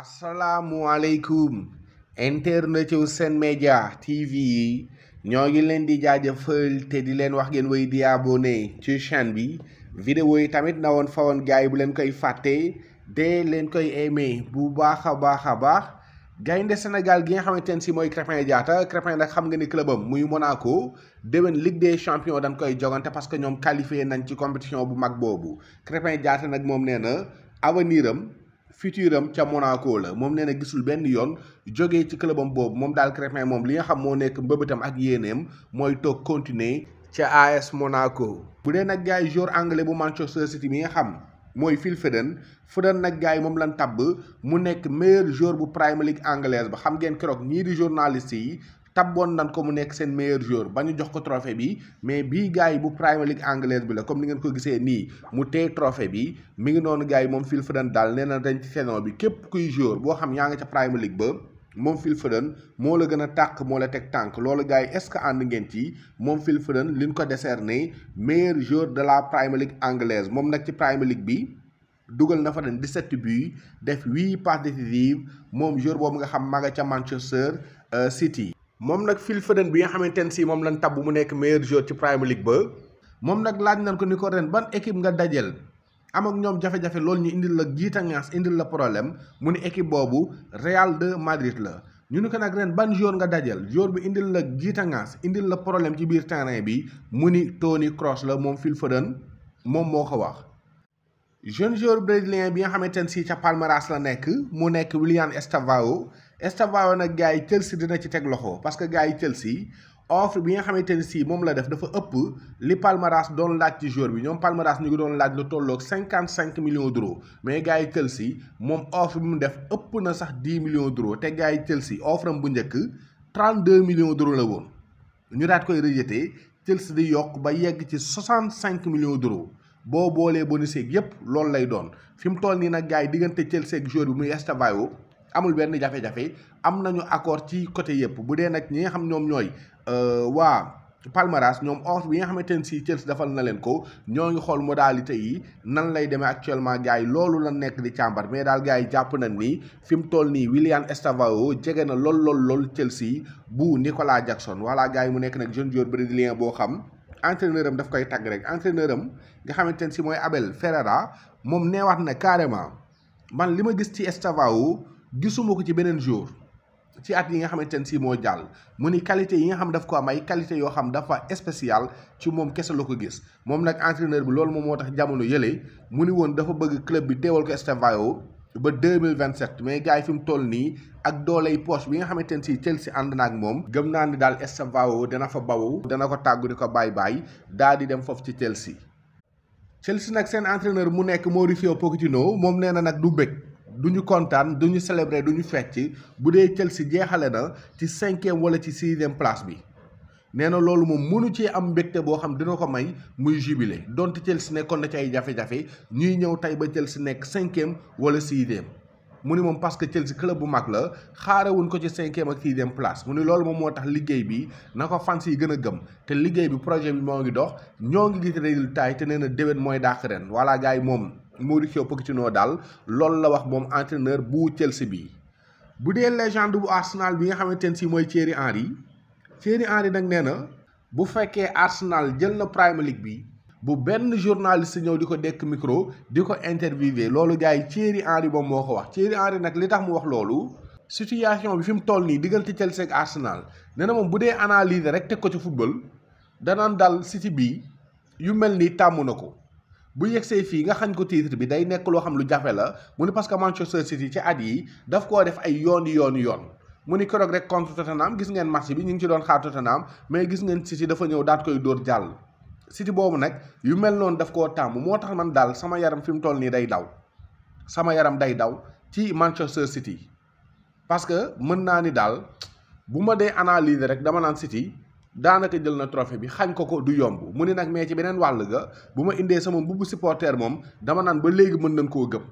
asalaamualeykum internet yu seen Média TV yi ñoo ngi leen di jaajëfal te di leen wax ngeen way di ci chaîne bi vidéo yi tamit na woon fa woon gars yi bu leen koy fàtte de leen koy aimé bu baax a baax a baax gaynde senegal gi nga xamante ne si mooy Crépin jaata Crépin nag xam nga ni club am muy Monaco déwén Ligue des champions dañ koy jogante parce que ñoom qualifié nañ ci compétition bu mag boobu Crépin jaata nag moom nee na avenir futur am ca Monaco la moom nee na gisul benn yoon jógee ci clubam boobu moom daal Krépin moom li nga xam moo nekk mbëbëtam ak yéeneem mooy toog continuer ca AS Monaco. bu dee nag gars yi joueur anglais bu Manchester City mi nga xam. mooy Phil Foden Foden nag gars yi moom lan tabb mu nekk meilleur joueur bu Premier League anglaise ba xam ngeen keroog ñii di journaliste yi tabboon nan ko mu nekk seen meilleur joueur ba ñu jox ko trophée bi mais bii gars yi bu Premier League anglaise bi la comme ni ngeen ko gisee nii mu téye trophée bi mi ngi noonu gars yi moom Phil Foden daal nee na dañ ci saison bi képp kuy joueur boo xam yaa nga ca Premier League ba moom Phil Foden moo la gën a tàkk moo la teg tànk loolu gars yi est-ce que ànd ngeen ci moom fil Phil Foden liñ ko décerné meilleur joueur de la Premier League anglaise moom nag ci Premier League bi dugal na fa den 17 buts def 8 passes décisives moom joueur boobu nga xam ma nga ca Manchester euh, City moom nag Phil Foden bi nga xamante ne si moom lañ tabb mu nekk meilleur joueur ci Premier League ba moom nag laaj nañ ko ni ko ren ban équipe nga dajeel am ak ñoom jafe-jafe loolu ñu indil la giitangaas indil la problème mu ni équipe boobu Real de Madrid la ñu ni ko nag ren ban joueur nga dajal joueur bi indil la giitangaas indil la problème ci biir terrain bi mu ni Toni Kroos la moom Phil Foden moom moo ko wax jeune joueur brésilien bi nga xamante ne si ca Palmeiras la nekk mu nekk Willian Estavao Estevao nag gars yi Chelsea dina ci teg loxo parce que gars yi Chelsea offre bi nga xamante ne sii moom la def dafa ëpp li Palmeiras doon laaj ci joueur bi ñoom Palmeiras ñu ngi doon laaj lu tolloog cinquante cinq millions d'euros mais gars yi Chelsea moom offre bi mu def ëpp na sax dix millions d'euros te gars yi Chelsea offre am bu njëkk trente deux millions d'euros la woon ñu daat koy rejeté Chelsea di yokk ba yegg ci soixante cinq millions d'euros boo boolee bonus yépp loolu lay doon fi mu toll nii nag gars yi diggante Chelsea ak joueur bi muy Estevao amul benn jafe-jafe am nañu accord ci côté yëpp bu dee nag ñi nga xam ñoom ñooy euh, waa palmarès ñoom offre bi nga xamante ne si Chelsea defal na leen ko ñoo ngi xool modalité yi nan lay demee actuellement gars loolu la nekk di càmbar mais daal gars yi jàpp nañ ni fi mu toll nii William Estavao jege na lool lool lool Chelsea bu Nicolas Jackson voilà gars yi mu nekk nag jeune joueur brésilien boo xam entraîneur am daf koy tagg rek entraîneur am nga xamante ne si mooy Abel Ferreira moom neewaat na carrément man li ma gis ci Estavao gisuma ko ci beneen jour ci at yi nga xamante ne si moo jàll mu ni qualité yi nga xam daf ko am ay qualité yoo xam dafa spécial ci moom kese la ko gis moom nag entraîneur bi loolu moom moo tax jamono yële mu ni woon dafa bëgg club bi teewal ko Estevao ba deux mille vingt sept mais gars yi fi mu toll nii ak dooley poche bi nga xamante ne si Chelsea ànd na ak moom. gëm naa ni daal Estevao dana fa bawu dana ko tàggu di ko bàyyi bàyyi daal di dem foofu ci Chelsea. Chelsea nag seen entraîneur mu nekk Mauricio Pochettino moom nee na nag du bëgg. du ñu kontaan duñu ñu célébrer du ñu fecc bu dee Chelsea jeexale na ci cinquième wala ci sixième place bi nee na loolu moom mënu ci am mbégte boo xam dina ko may muy jubilé donte Chelsea nekkoon na ci ay jafe-jafe ñuy ñëw tey ba Chelsea nekk cinquième wala sixième mu ni moom parce que Chelsea club bu mag la xaarewuñ ko ci cinquième ak sixième place mu ni loolu moom moo tax liggéey bi na ko fans yi gën a gëm te liggéey bi projet bi moo ngi dox ñoo ngi gis résultat yi te nee na déwén mooy dàq ren voilà gars moom Mauricio Pochettino daal loolu la wax moom entraîneur bu Chelsea bi bu dee légende bu Arsenal bi nga xamante ne si mooy Thierry Henry Thierry Henry nag nee na bu fekkee Arsenal jël na Premier bi bu benn journaliste ñëw di ko dekk micro di ko interviver loolu gaa yi Thierry Henry moom moo ko wax Thierry Henry nag li tax mu wax loolu situation bi fi mu toll nii diggante Chelsea ak Arsenal nee na moom bu dee analyser rek teg ko ci football danaan dal City bi yu mel nii tàmm na ko. bu yegsee fii nga xañ ko titre bi day nekk loo xam lu jafe la mu ni parce que Manchester City ci at yi daf koo def ay yoon yoon yoon mu ni keroog rek contre Tottenham gis ngeen match bi ñu ngi ci doon xaar Tottenham mais gis ngeen City dafa ñëw daat koy dóor jàll City boobu nag yu mel noonu daf koo tàmm moo tax man daal sama yaram fi toll nii day daw sama yaram day daw ci Manchester City parce que mën naa ni daal bu ma dee analyser rek dama naan City daanaka jël na trophée bi xañ ko ko du yomb mu ne nag mais ci beneen wàll ga bu ma indee sama mbubbu supporter moom dama naan ba léegi mën nañ koo gëm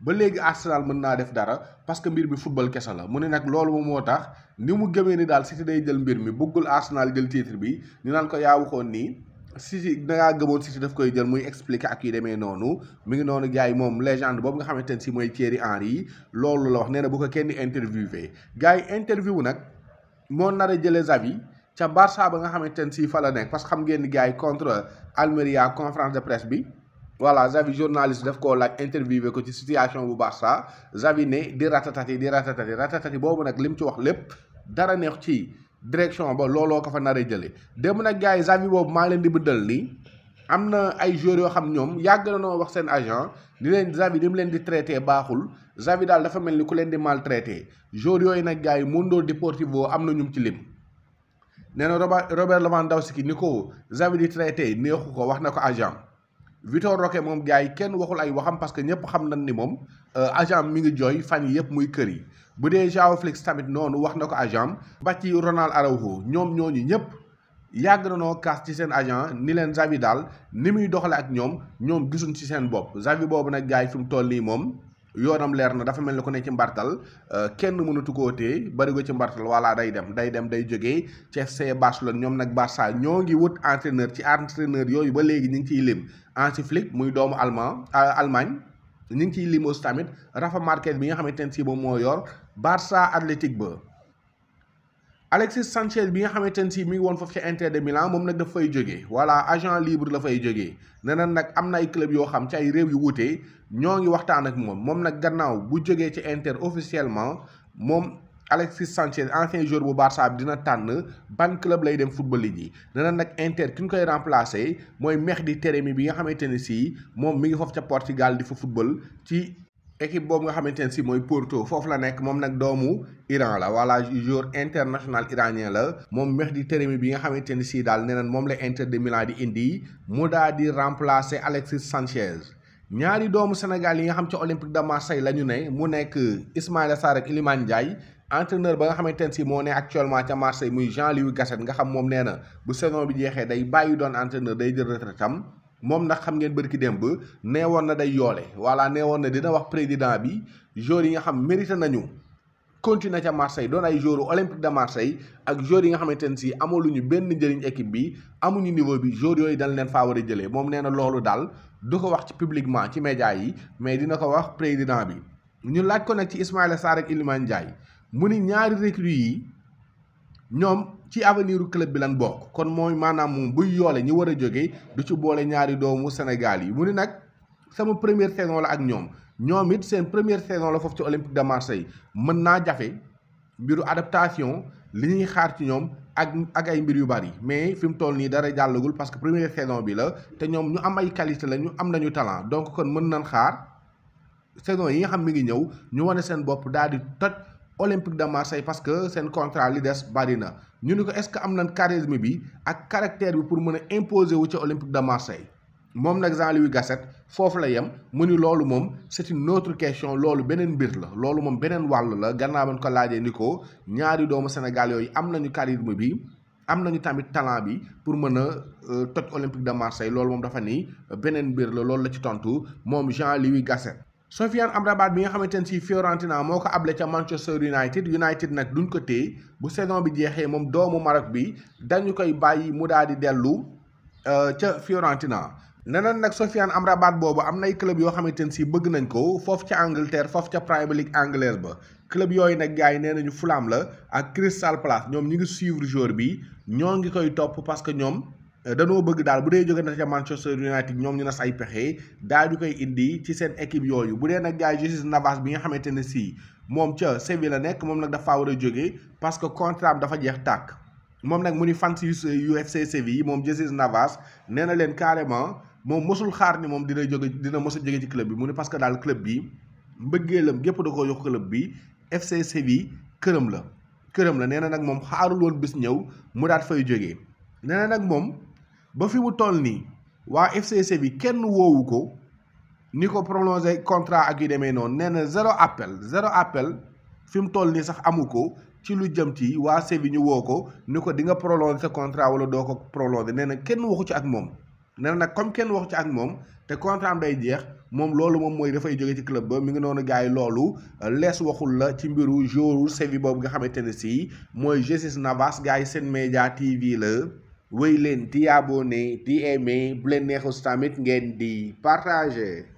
ba léegi Arsenal mën naa def dara parce que mbir bi football kese la mu ne nag loolu moom moo tax ni mu gëmee ni daal City day jël mbir mi bëggul Arsenal jël titre bi ñu naan ko yaa waxoon nii City dangaa gëmoon City daf koy jël muy expliquer ak yi demee noonu mu ngi noonu gars yi moom légende boobu nga xamante ne si mooy Thierry Henry loolu la nee na bu ko kenn interviewé gars yi interview nag moo nar a jëlee avis ca Barça ba nga xamante ne sii fa la nekk parce que xam ngeen ni gars yi contre Almeria conférence de presse bi voilà Xavi journaliste daf koo laaj interviewé ko ci situation bu Barça Xavi ne di ratatati di ratatati ratatati boobu nag li mu ci wax lépp dara neex ci direction ba looloo ko fa nar a jëlee démb nag gars yi Xavi boobu maa leen di bëddal nii am na ay joueurs yoo xam ñoom yàgg na noo wax seen agent ni leen Xavi ni mu leen di traité baaxul Xavi daal dafa mel ni ku leen di maltraité joueurs yooyu nag gars yi Mundo Deportivo am na ñu ci lim. nee na Robert Robert Lewandowski ni ko Xavi di traité neexu ko wax na ko agent Vitor Roque moom gars yi kenn waxul ay waxam parce que ñëpp xam nañ ni moom euh, agent mi ngi jooy fan yi yëpp muy kër yi bu dee Joao Félix tamit noonu wax na ko agent ba ci Ronald Araujo ñoom ñooñu ñëpp yàgg na noo kaas ci seen agent ni leen Xavi daal ni muy doxale ak ñoom ñoom gisuñ ci seen bopp Xavi boobu nag gars yi mu toll nii moom yoonam leer na dafa mel ni ko ne ci mbartal euh, kenn mënatu koo te bari ko ci mbartal voilà day dem day dem day jógee FC Barcelone ñoom nag Barça ñoo ngi wut entraîneur ci entraîneur yooyu ba léegi ñu ngi ciy lim Hansi Flick muy doomu allemand euh, Allemagne ñu ciy lim tamit Rafa Márquez bi nga xamante ne si moom moo yor Barça Athletic ba. Alexis Sanchez bi nga xamante ne si mi ngi woon foofu ci Inter de Milan moom nag daf fay jógee voilà agent libre la fay jógee nee na nag am na ay club yoo xam ci ay réew yu wuute. ñoo ngi waxtaan ak moom moom nag gannaaw bu jógee ci Inter officiellement moom Alexis Sanchez ancien joueur bu Barça bi dina tànn ban club lay dem football league yi dana nag Inter ki ñu koy remplacer mooy Mehdi Teremi bi nga xamante ne sii moom mi ngi foof ca Portugal di fa football ci. équipe boobu nga xamante ne si mooy Porto foofu la nekk moom nag doomu Iran la wala joueur international iranien la moom Mehdi Teremi bi nga xamante ne si daal nee moom la Inter de di indi mu daal di Alexis Sanchez. ñaari doomu Sénégal yi nga xam ci Olympique de Marseille la ñu ne mu nekk Ismaïla Sarr ak Iliman Ndiaye entraîneur ba nga xamante ne sii moo ne actuellement ca Marseille muy Jean-Louis Gasset nga xam moom nee bu saison bi jeexee day bàyyi doon entraîneur day jël retraite am moom ndax xam ngeen bërki démb nee woon na day yoole voilà nee woon na dina wax président bi joueurs yi nga xam mérité nañu continuer ca Marseille doon ay joueurs Olympique de Marseille ak joueurs yi nga xamante ne si amaluñu benn njëriñ équipe bi amuñu niveau bi joueurs yooyu dañ leen faa war a moom nee na loolu du ko wax ci publiquement ci média yi mais dina ko wax président bi ñu laaj ko nag ci Ismaïla Sarr ak Iliman Ndiaye mu ni ñaari recrues yi ñoom ci avenir club bi lan bokk kon mooy maanaam moom buy yoole ñi war a jóge du ci boole ñaari doomu Sénégal yi mu ni nag sama première saison la ak ñoom ñoom it seen première saison la foofu ci Olympique de Marseille mën naa jafe mbiru adaptation li ñuy xaar ci ñoom ak ak ay mbir yu bari mais fi mu toll nii dara jàllagul parce que première saison bi la te ñoom ñu am ay qualité la ñu am nañu talent donc kon mën nañ xaar saison yi nga xam mi ngi ñëw ñu wane seen bopp daal di toj Olympique de Marseille parce que seen contrat li des bari na ñu ni ko est-ce que am nañ charisme bi ak caractère bi pour mën a imposer wu ci Olympique de Marseille. moom nag Jean-Louis Gasset foofu la yem mu ni loolu moom c'est une autre question loolu beneen mbir la loolu moom beneen wàll la gannaaw ba ko laajee ni ko ñaari doomu Sénégal yooyu am nañu charisme bi am nañu tamit talent bi pour mën a euh, toj Olympique de Marseille loolu moom dafa ni euh, beneen mbir la loolu la ci tontu moom Jean-Louis Gasset. Sofiane Amrabat bi nga xamante ne si Fiorentina moo ko able ca Manchester United United nag duñ ko téye bu saison bi jeexee moom doomu Maroc bi dañu koy bàyyi mu daal di dellu euh, ca Fiorentina. neneen nag am rabaat boobu am nay club yoo xamante ne si bëgg nañ ko foofu ca Angleterre foofu ca Premier League anglaise ba club yooyu nag gars yi nee nañu Fulham la ak Crystal Palace ñoom ñi ngi suivre joueur bi ñoo ngi koy topp parce que ñoom eh, danoo bëgg daal bu dee jóge na ca Manchester United ñoom ñu nas ay pexe daal di koy indi ci seen équipe yooyu bu dee nag gars yi Navas bi nga xamante ne si moom ca Séville la nekk moom nag dafa war a jóge parce que contrat am dafa jeex tàkk. moom nag mu ni fans UFC Séville moom Jesus Navas nee na leen carrément moom mosul xaar ni moom dina jóge dina mos a jóge ci club bi mu ni parce que daal club bi mbëggeelam gépp da koo yokk club bi FC këram la këram la nee na nag moom xaarul woon bis ñëw mu daat fay jógee nee na nag moom ba fi mu toll nii waa FC Séville kenn woowu ko ni ko prolongé contrat ak yu demee noonu nee na zéro appel zéro appel fi mu toll nii sax amu ko ci lu jëm ci waa Séville ñu woo ko ni ko di nga prolonger sa contrat wala doo ko prolonger nee na kenn waxu ci ak moom nee na nag comme kenn waxu ci ak moom te contrat am day jeex moom loolu moom mooy dafay jóge ci club ba mi ngi noonu gars yi loolu lees waxul la ci mbiru joru Séville boobu nga xamante ne si mooy Jesus Navas gars yi seen média TV la wéy leen di abonné di aimé bu leen neexus tamit ngeen di partager.